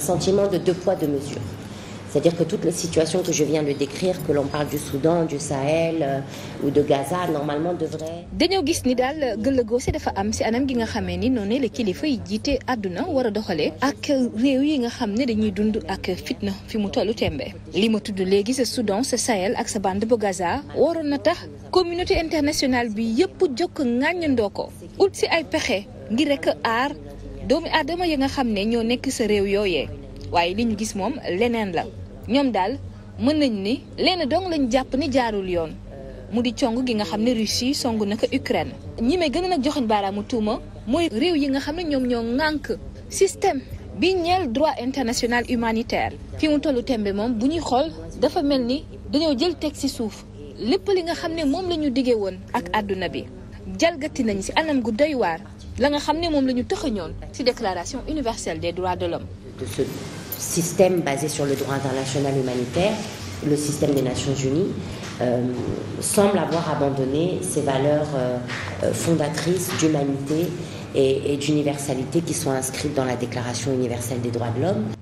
sentiment de deux poids, deux mesures. C'est-à-dire que toutes les situations que je viens de décrire, que l'on parle du Soudan, du Sahel euh, ou de Gaza, dañoo gis ni daal si dafa am si anam gi nga xamee ni noonu la kilifa yi jiite àdduna war a doxalee ak réew yi nga xam ne dañuy dund ak fitna fi mu tollu tembe li ma tudd léegi sa Soudan sa Sahel ak sa bande ba Gaza waroon na tax communauté internationale bi yëpp jokk ŋàññandoo ko ut ci ay pexe ngir rek doomu adama yi nga xam ne ñoo nekk sa réew yooyee waaye li ñu gis moom leneen la ñoom daal mën nañ ni lenn dong lañ jàpp ni jaarul yoon mu di cong gi nga xam ne Russie songu naka Ukraine. ñi may gën a nag joxoñ baaraamu tuuma mooy réew yi nga xam ne ñoom ñoo ŋànk système bi ñeel droit international humanitaire. fi mu tollu tembe moom bu ñuy xool dafa mel ni dañoo jël teg ci suuf lépp li nga xam ne moom la ñu diggee woon ak àdduna bi. jalgati nañu si anam gu doy la nga xam ne moom la ñu tëxañoon ci déclaration universelle des droits de l'homme de ce système basé sur le droit international humanitaire le système des Nations Unies euh, semble avoir abandonné ces valeurs euh, euh, fondatrices d'humanité et, et d'universalité qui sont inscrites dans la Déclaration universelle des droits de l'homme